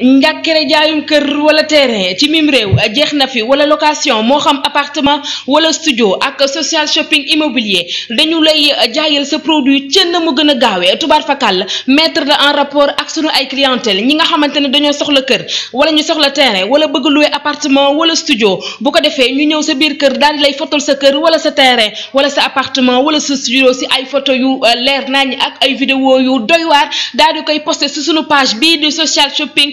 njàkkere jaayum keur wala terrain ci mim réew jeex fi wala location Moham xam appartement wala studio ak social shopping immobilier dañu lay euh, jaayel sa produit cën na mu gën a tubar fakal mettre en rapport ak sunu ay clientèle ñi nga xamante ne dañoo soxla keur wala ñu soxla terrain wala bëgg louer appartement wala studio bu ko défé ñu ñëw sa biir keur daal lay fotol sa keur wala sa terrain wala sa appartement wala sa studio ci ay photo yu euh, leer nañ ak ay vidéo yu doy waar daal di koy poster sunu page bi di social shopping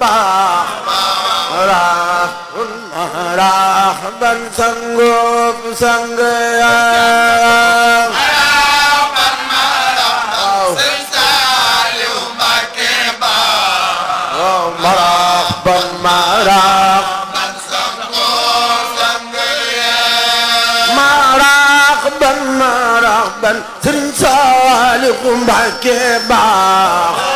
baax raax raax ban sangub sang yaa raax ban marax sëñ Saaliw Mbàkke baax marax ban marax ban sangub sang yaa marax ban marax ban sëñ Saaliw Mbàkke baax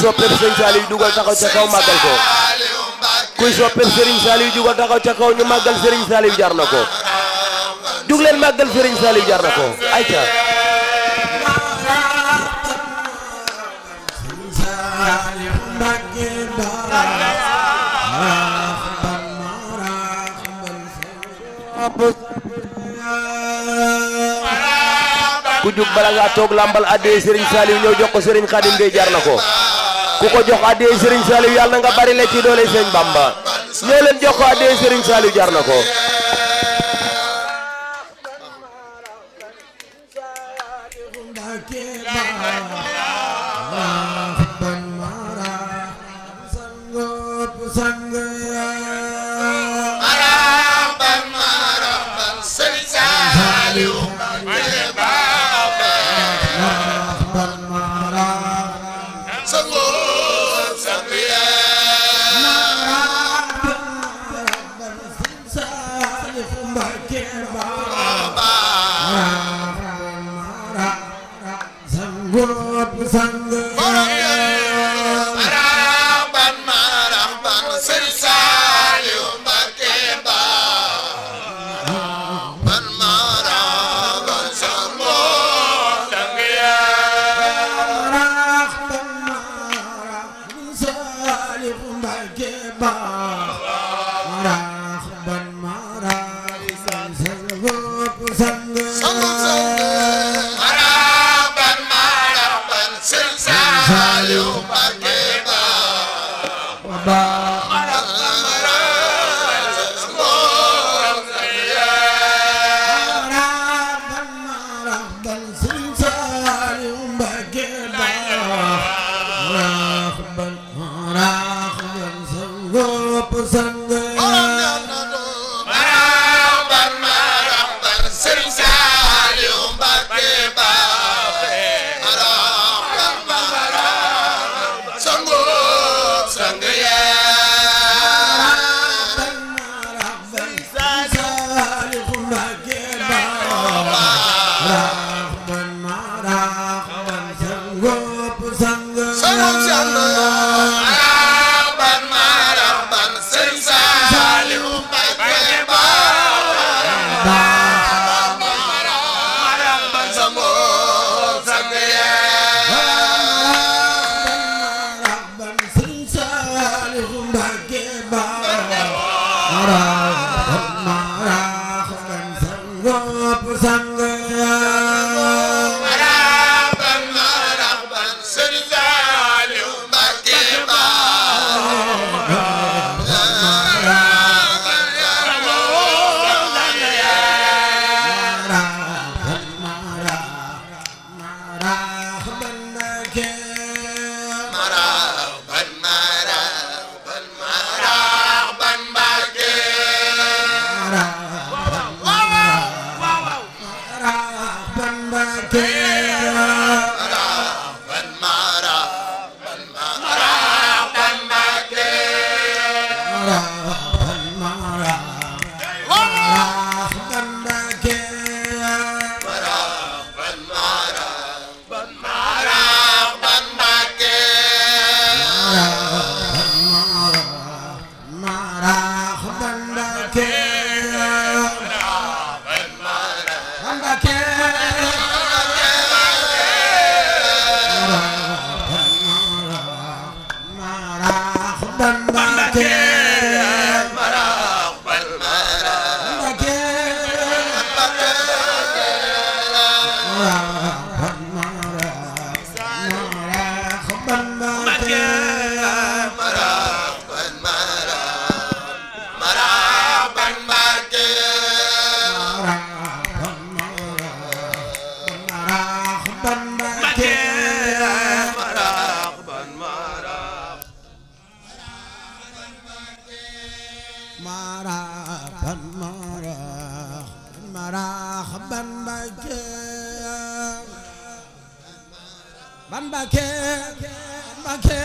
soppeeb sëñ Saliou dugal taxaw ca kaw màggal ko kuy soppeeb Serigne Saliou ku jug bala toog lambal addee Serigne Saliou ñëw jox ko Serigne Khadim Gueye jar na ko. ku ko jox addee Serigne Saliou yàlla nga bari le ci doole Serigne Bamba ñoo leen jox ko addee Serigne Saliou jar na bá ab sang Mbakke Mbakke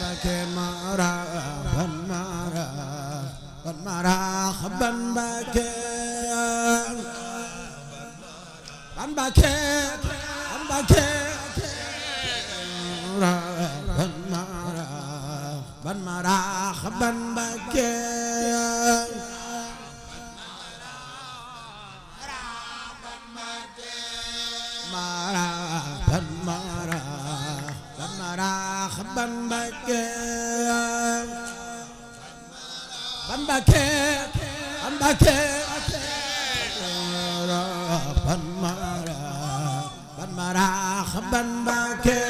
Mbakke marhaban marhaban marhaban Mbakke Mbakke Mbakke marhaban marhaban marhaban Mbakke marhaban Mbakke ban Mbàkke ban Mbàkke ban Mbàkke ban mara ban mara ban Mbàkke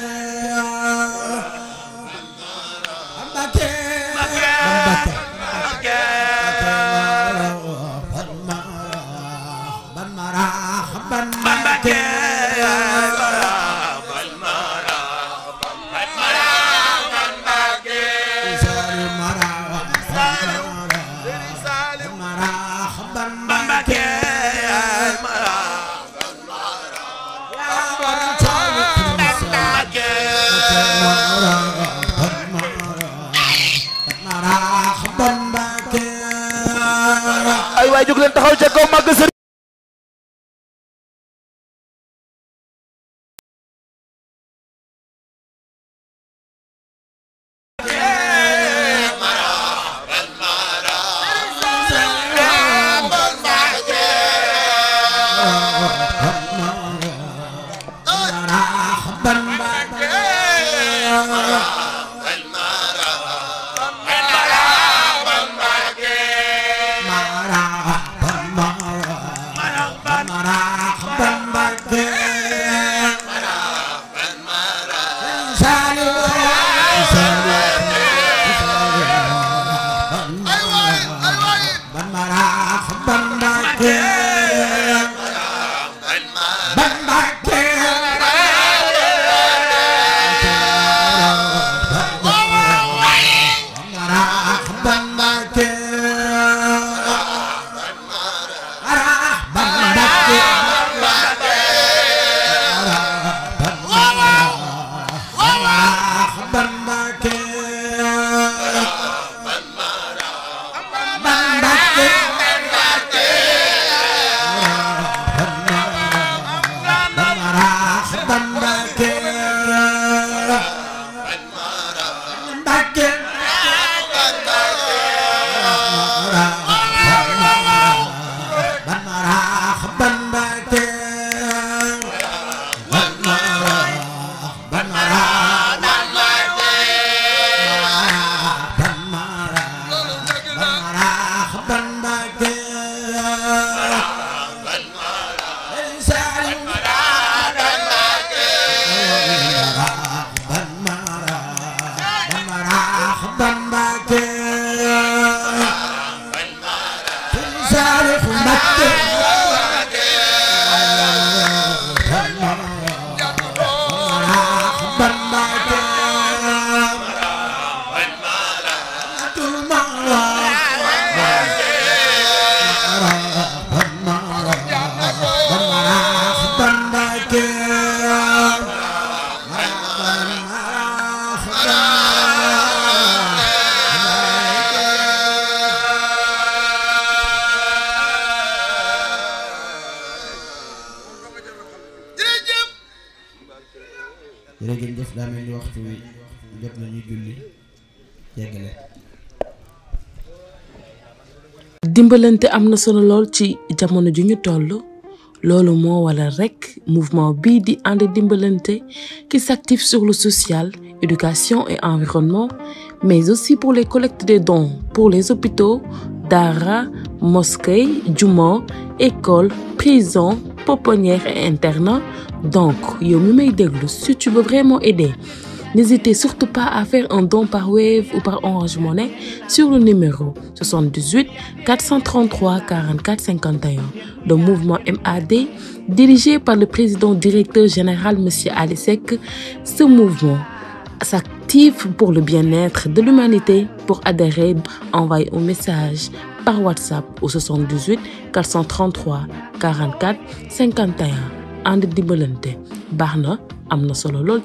waay jóg leen taxaw ca kaw màgg sëriñ jërëjëf def daa mel ni waxtu wi jot nañu julli yeggale dimbalante am na solo ci jamono ju ñu toll loolu moo wala rek mouvement bii di ànd dimbalante qui s'active sur le social éducation et environnement mais aussi pour les collectes des dons pour les hôpitaux dara mosquée Juman, école prison pouponnière et internat donc yo si tu veux vraiment aider n'hésitez surtout pas à faire un don par Wave ou par Orange monnaie sur le numéro 78 433 44 51 le mouvement MAD dirigé par le président directeur général monsieur Alisek. ce mouvement sa pour le bien-être de l'humanité. Pour adhérer, envoyez un message par WhatsApp au 78 433 44 51 ànd Barna Barna, solo